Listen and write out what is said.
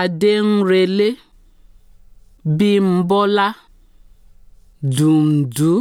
Adéńrelé Bímbọ́lá Dùndú.